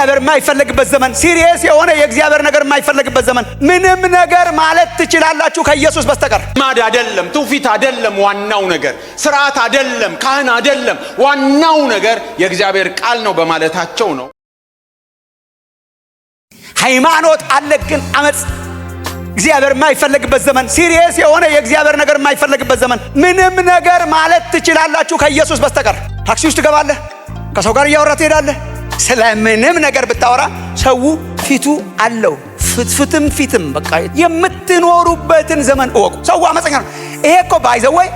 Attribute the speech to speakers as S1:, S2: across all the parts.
S1: እግዚአብሔር የማይፈለግበት ዘመን፣ ሲሪየስ የሆነ የእግዚአብሔር ነገር የማይፈለግበት ዘመን። ምንም ነገር ማለት ትችላላችሁ ከኢየሱስ በስተቀር። ማድ አይደለም፣ ትውፊት አይደለም፣ ዋናው ነገር ስርዓት አይደለም፣ ካህን አይደለም፣ ዋናው ነገር የእግዚአብሔር ቃል ነው በማለታቸው ነው። ሃይማኖት አለ ግን አመፅ እግዚአብሔር የማይፈለግበት ዘመን ሲሪየስ የሆነ የእግዚአብሔር ነገር የማይፈለግበት ዘመን። ምንም ነገር ማለት ትችላላችሁ ከኢየሱስ በስተቀር። ታክሲ ውስጥ ትገባለህ፣ ከሰው ጋር እያወራ ትሄዳለህ፣ ስለምንም ነገር ብታወራ ሰው ፊቱ አለው። ፍትፍትም ፊትም በቃ የምትኖሩበትን ዘመን እወቁ። ሰው አመፀኛ ነው። ይሄ እኮ ባይዘወይ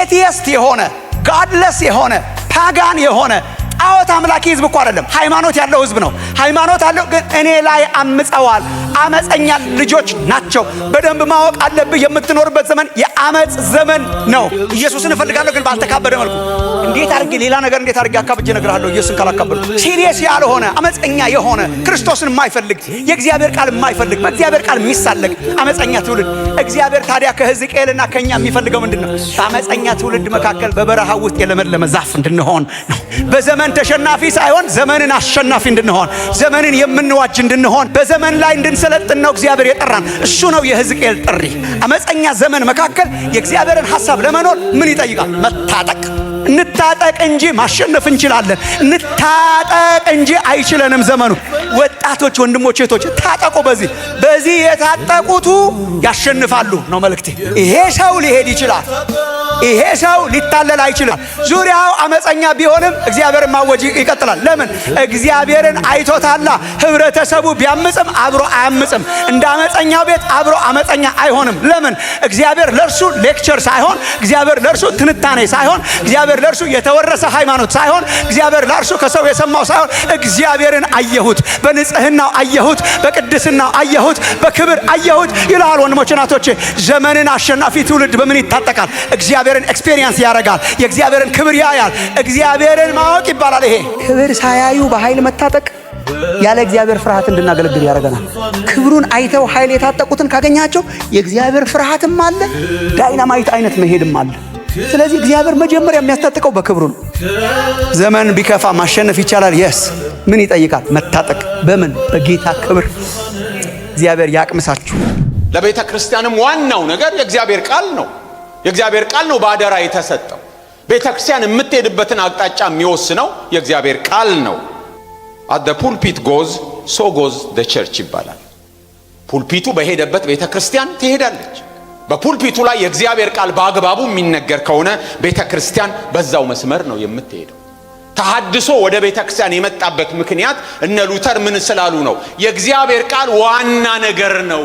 S1: ኤቲየስት የሆነ ጋድለስ የሆነ ፓጋን የሆነ አዎት አምላኪ ህዝብ እኮ አይደለም። ሃይማኖት ያለው ህዝብ ነው። ሃይማኖት አለው ግን እኔ ላይ አምፀዋል። አመፀኛ ልጆች ናቸው። በደንብ ማወቅ አለብህ። የምትኖርበት ዘመን የአመፅ ዘመን ነው። ኢየሱስን እፈልጋለሁ ግን ባልተካበደ መልኩ እንዴት አድርጌ ሌላ ነገር እንዴት አድርጌ አካብጄ እነግርሃለሁ። ኢየሱስን ካላካበዱ ሲሪየስ ያልሆነ አመፀኛ የሆነ ክርስቶስን የማይፈልግ የእግዚአብሔር ቃል የማይፈልግ በእግዚአብሔር ቃል የሚሳለቅ አመፀኛ ትውልድ። እግዚአብሔር ታዲያ ከህዝቅኤልና ከእኛ የሚፈልገው ምንድን ነው? በአመፀኛ ትውልድ መካከል በበረሃ ውስጥ የለመለመ ዛፍ እንድንሆን ነው። በዘመን ዘመን ተሸናፊ ሳይሆን ዘመንን አሸናፊ እንድንሆን ዘመንን የምንዋጅ እንድንሆን በዘመን ላይ እንድንሰለጥን ነው እግዚአብሔር የጠራን። እሱ ነው የሕዝቅኤል ጥሪ። አመፀኛ ዘመን መካከል የእግዚአብሔርን ሐሳብ ለመኖር ምን ይጠይቃል? መታጠቅ። እንታጠቅ እንጂ ማሸነፍ እንችላለን። እንታጠቅ እንጂ አይችለንም ዘመኑ። ወጣቶች፣ ወንድሞች፣ እህቶች ታጠቁ። በዚህ በዚህ የታጠቁቱ ያሸንፋሉ ነው መልእክቴ። ይሄ ሰው ሊሄድ ይችላል። ይሄ ሰው ሊታለል አይችልም። ዙሪያው አመፀኛ ቢሆንም እግዚአብሔር ማወጅ ይቀጥላል። ለምን? እግዚአብሔርን አይቶታላ። ህብረተሰቡ ቢያምፅም አብሮ አያምፅም። እንደ አመፀኛው ቤት አብሮ አመፀኛ አይሆንም። ለምን? እግዚአብሔር ለእርሱ ሌክቸር ሳይሆን፣ እግዚአብሔር ለእርሱ ትንታኔ ሳይሆን፣ እግዚአብሔር ለእርሱ የተወረሰ ሃይማኖት ሳይሆን፣ እግዚአብሔር ለእርሱ ከሰው የሰማው ሳይሆን፣ እግዚአብሔርን አየሁት፣ በንጽህናው አየሁት፣ በቅድስናው አየሁት፣ በክብር አየሁት ይላል ወንድሞች ናቶቼ፣ ዘመንን አሸናፊ ትውልድ በምን ይታጠቃል? እግዚአብሔር እግዚአብሔርን ኤክስፔሪየንስ ያደርጋል። የእግዚአብሔርን ክብር ያያል። እግዚአብሔርን ማወቅ ይባላል። ይሄ
S2: ክብር ሳያዩ በኃይል መታጠቅ ያለ እግዚአብሔር ፍርሃት እንድናገለግል ያደርገናል። ክብሩን አይተው ኃይል የታጠቁትን ካገኛቸው የእግዚአብሔር ፍርሃትም አለ፣ ዳይናማይት አይነት መሄድም አለ። ስለዚህ እግዚአብሔር መጀመሪያ የሚያስታጥቀው በክብሩ ነው።
S3: ዘመን ቢከፋ ማሸነፍ ይቻላል። የስ ምን ይጠይቃል? መታጠቅ። በምን? በጌታ ክብር። እግዚአብሔር ያቅምሳችሁ።
S1: ለቤተ ክርስቲያንም ዋናው ነገር የእግዚአብሔር ቃል ነው። የእግዚአብሔር ቃል ነው በአደራ የተሰጠው። ቤተ ክርስቲያን የምትሄድበትን አቅጣጫ የሚወስነው የእግዚአብሔር ቃል ነው። አት ፑልፒት ጎዝ ሶ ጎዝ ደ ቸርች ይባላል። ፑልፒቱ በሄደበት ቤተ ክርስቲያን ትሄዳለች። በፑልፒቱ ላይ የእግዚአብሔር ቃል በአግባቡ የሚነገር ከሆነ ቤተ ክርስቲያን በዛው መስመር ነው የምትሄደው። ተሐድሶ ወደ ቤተ ክርስቲያን የመጣበት ምክንያት እነ ሉተር ምን ስላሉ ነው? የእግዚአብሔር ቃል ዋና ነገር ነው።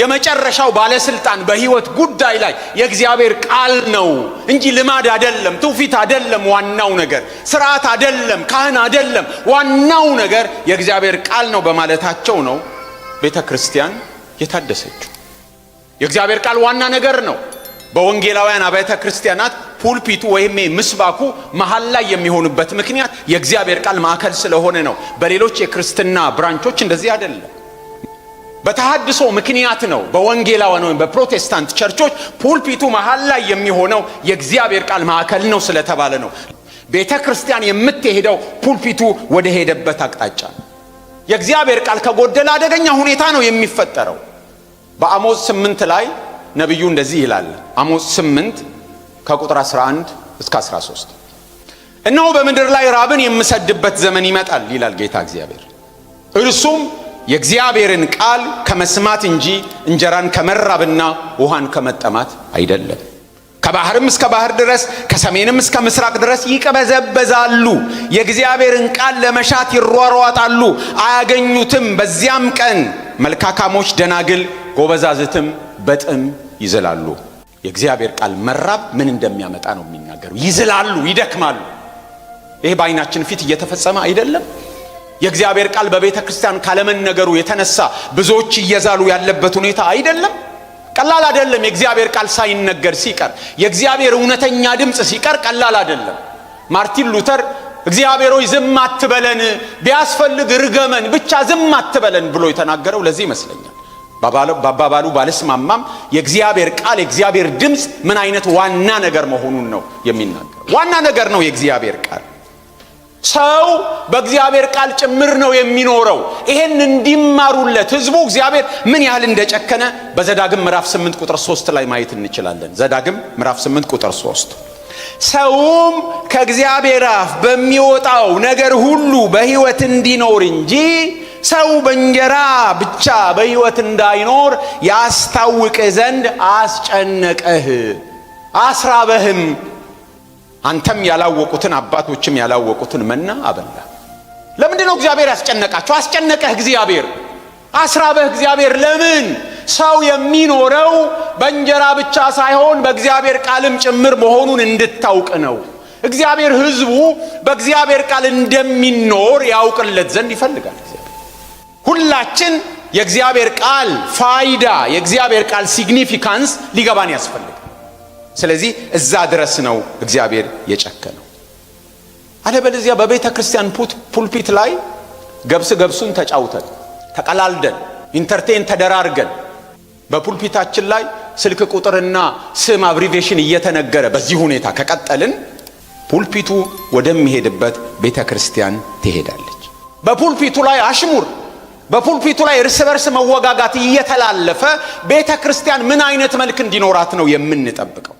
S1: የመጨረሻው ባለስልጣን በህይወት ጉዳይ ላይ የእግዚአብሔር ቃል ነው እንጂ ልማድ አደለም፣ ትውፊት አደለም። ዋናው ነገር ስርዓት አደለም፣ ካህን አደለም። ዋናው ነገር የእግዚአብሔር ቃል ነው በማለታቸው ነው ቤተ ክርስቲያን የታደሰችው። የእግዚአብሔር ቃል ዋና ነገር ነው። በወንጌላውያን አብያተ ክርስቲያናት ፑልፒቱ ወይም ምስባኩ መሀል ላይ የሚሆንበት ምክንያት የእግዚአብሔር ቃል ማዕከል ስለሆነ ነው። በሌሎች የክርስትና ብራንቾች እንደዚህ አይደለም። በተሃድሶ ምክንያት ነው በወንጌላውያን ወይም በፕሮቴስታንት ቸርቾች ፑልፒቱ መሀል ላይ የሚሆነው የእግዚአብሔር ቃል ማዕከል ነው ስለተባለ ነው። ቤተ ክርስቲያን የምትሄደው ፑልፒቱ ወደ ሄደበት አቅጣጫ ነው። የእግዚአብሔር ቃል ከጎደለ አደገኛ ሁኔታ ነው የሚፈጠረው። በአሞጽ ስምንት ላይ ነቢዩ እንደዚህ ይላል። አሞጽ ስምንት ከቁጥር 11 እስከ 13 እነሆ በምድር ላይ ራብን የምሰድበት ዘመን ይመጣል ይላል ጌታ እግዚአብሔር እርሱም የእግዚአብሔርን ቃል ከመስማት እንጂ እንጀራን ከመራብና ውሃን ከመጠማት አይደለም። ከባህርም እስከ ባህር ድረስ ከሰሜንም እስከ ምስራቅ ድረስ ይቀበዘበዛሉ። የእግዚአብሔርን ቃል ለመሻት ይሯሯጣሉ፣ አያገኙትም። በዚያም ቀን መልካካሞች ደናግል፣ ጎበዛዝትም በጥም ይዝላሉ። የእግዚአብሔር ቃል መራብ ምን እንደሚያመጣ ነው የሚናገሩ። ይዝላሉ፣ ይደክማሉ። ይሄ በዓይናችን ፊት እየተፈጸመ አይደለም። የእግዚአብሔር ቃል በቤተ ክርስቲያን ካለመነገሩ የተነሳ ብዙዎች እየዛሉ ያለበት ሁኔታ አይደለም። ቀላል አይደለም። የእግዚአብሔር ቃል ሳይነገር ሲቀር የእግዚአብሔር እውነተኛ ድምፅ ሲቀር ቀላል አይደለም። ማርቲን ሉተር እግዚአብሔር ሆይ ዝም አትበለን፣ ቢያስፈልግ ርገመን፣ ብቻ ዝም አትበለን ብሎ የተናገረው ለዚህ ይመስለኛል። በአባባሉ ባለስማማም የእግዚአብሔር ቃል የእግዚአብሔር ድምፅ ምን አይነት ዋና ነገር መሆኑን ነው የሚናገር። ዋና ነገር ነው የእግዚአብሔር ቃል ሰው በእግዚአብሔር ቃል ጭምር ነው የሚኖረው። ይሄን እንዲማሩለት ህዝቡ እግዚአብሔር ምን ያህል እንደጨከነ በዘዳግም ምዕራፍ 8 ቁጥር 3 ላይ ማየት እንችላለን። ዘዳግም ምዕራፍ 8 ቁጥር 3 ሰውም ከእግዚአብሔር አፍ በሚወጣው ነገር ሁሉ በሕይወት እንዲኖር እንጂ ሰው በእንጀራ ብቻ በሕይወት እንዳይኖር ያስታውቅህ ዘንድ አስጨነቀህ አስራበህም አንተም ያላወቁትን አባቶችም ያላወቁትን መና አበላ። ለምንድነው ነው እግዚአብሔር ያስጨነቃቸው? አስጨነቀህ እግዚአብሔር፣ አስራበህ እግዚአብሔር። ለምን ሰው የሚኖረው በእንጀራ ብቻ ሳይሆን በእግዚአብሔር ቃልም ጭምር መሆኑን እንድታውቅ ነው። እግዚአብሔር ሕዝቡ በእግዚአብሔር ቃል እንደሚኖር ያውቅለት ዘንድ ይፈልጋል። እግዚአብሔር ሁላችን የእግዚአብሔር ቃል ፋይዳ፣ የእግዚአብሔር ቃል ሲግኒፊካንስ ሊገባን ያስፈልጋል። ስለዚህ እዛ ድረስ ነው እግዚአብሔር የጨከነው። አለበለዚያ በቤተ ክርስቲያን ፑልፒት ላይ ገብስ ገብሱን ተጫውተን ተቀላልደን ኢንተርቴን ተደራርገን በፑልፒታችን ላይ ስልክ ቁጥርና ስም አብሪቬሽን እየተነገረ በዚህ ሁኔታ ከቀጠልን ፑልፒቱ ወደሚሄድበት ቤተ ክርስቲያን ትሄዳለች። በፑልፒቱ ላይ አሽሙር፣ በፑልፒቱ ላይ እርስ በርስ መወጋጋት እየተላለፈ ቤተ ክርስቲያን ምን አይነት መልክ እንዲኖራት ነው የምንጠብቀው?